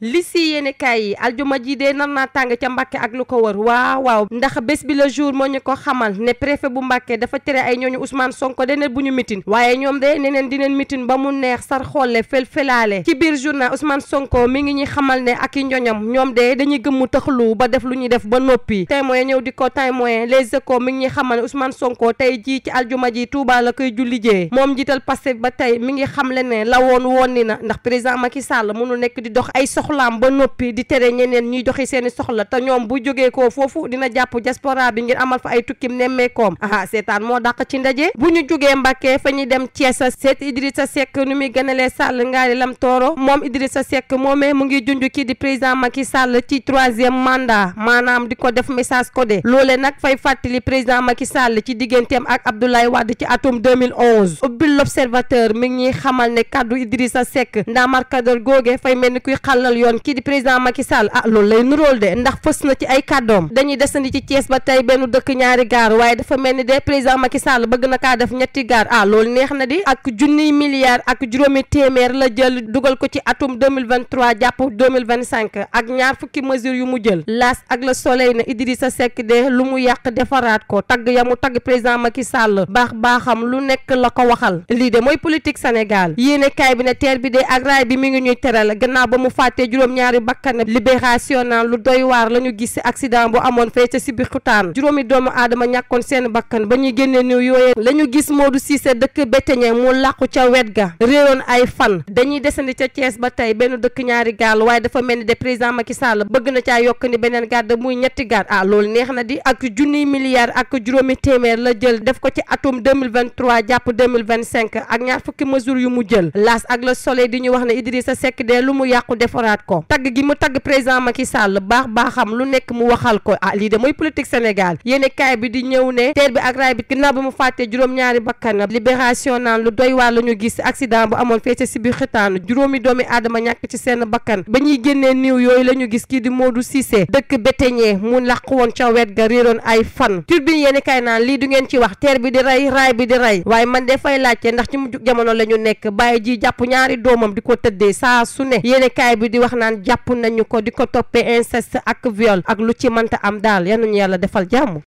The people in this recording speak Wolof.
li si yéene kaay yi aljuma ji dee nar naa tàng ca Mbàkke ak lu ko wër waaw waaw ndax bés bi la jour moo ñu ko xamal ne préfet bu Mbàkke dafa tere ay ñooñu Ousmane Sonko deneen bu ñu mitin waaye ñoom de neneen dineen mitin ba mu neex sar xolle fel felaale ci biir journal Ousmane Sonko mi ngi ñuy xamal ne ak i njoñam ñoom de dañuy gëmmu taxlu ba def lu ñu def ba noppi témoin ñëw di ko témoin les échos mi ngi ñuy xamal ne Ousmane Sonko tey jii ci aljuma ji Touba la koy julli jee moom jiital Pastef ba tey mi ngi xamle ne la woon woon ni na ndax président Macky Sall mënul nekk di dox ay soxlaam ba noppi di tere ñeneen ñuy doxi seen soxla te ñoom bu jógee koo foofu dina jàpp diaspora bi ngir amal fa ay tukkim nemmeekoom aha seetaan moo dàq ci ndaje bu ñu jógee Mbàkke fa ñuy dem Thiès seet Idrissa Seck nu muy gënalee Sall ngaari lam tooro moom Idrissa Seck moomee mu ngi junj kii di président Macky Sall ci troisième mandat maanaam di ko def message codé loole nag fay fàttali président Macky Sall ci digganteem ak Abdoulaye Wade ci atum 2011 ubbi l'observateur mi ngi ñuy xamal ne kàddu Idrissa Seck ndamarkador googe fay tegal yoon kii di président Macky Sall ah loolu lay nuróol de ndax fës na ci ay kàddoom dañuy desandi ci Thiès ba tey benn dëkk ñaari gaar waaye dafa mel ni de président Macky Sall bëgg na kaa def ñetti gaar ah loolu neex na di ak junniy milliards ak juróomi téeméer la jël dugal ko ci atum 2023 jàpp 2025 ak ñaar fukki mesures yu mu jël laas ak le soleil ne Idrissa Seck de lu mu yàq defaraat ko tagg ya mu tagg président Macky Sall baax baaxam lu nekk la ko waxal lii de mooy politique Sénégal té juroom ñaari bakkan libération naan lu doy war lañu gis accident bu amoon ci sibir Sébikotane juroomi doomu adama ñakkon seen bakkan bañu génné ñu yoyé lañu gis Modou Cissé dëkk bétagne mu làqu ca wet réewon ay fan dañuy desandi ca ties ba tay benn dëkk ñaari gal way dafa melni dé de président Macky Sall bëgg na caa yok ni benen gàdd muy ñetti ah lool neex na di ak juni milliard ak juroomi témèr la jël def ko ci atum 2023 japp 2025 ak ñaar fukki mesure yu mu jël las ak le soleil di ñu wax ne Idrissa Seck dé lu mu yaqku taggaat ko tagg gi mu tagg président Macky Sall baax baaxam lu nekk mu waxal ko ah lii de mooy politique Sénégal yéene bi di ñëw ne teer bi ak raay bi ginnaaw bi mu fàttee juróom-ñaari bakkan libération naan lu doy waar la ñu gis accident bu amoon feete si biir xitaanu juróomi doomi aadama ñàkk ci seen bakkan ba ñuy génnee niiw yooyu la ñu gis kii di Modou Cissé dëkk Béteñe mu làq woon ca wet ga réeroon ay fan turbine yéene naan lii du ngeen ci wax teer wax naan jàpp nañu ko di ko toppee incest ak viol ak lu ci mënta am daal yanuñu yàlla defal jàmm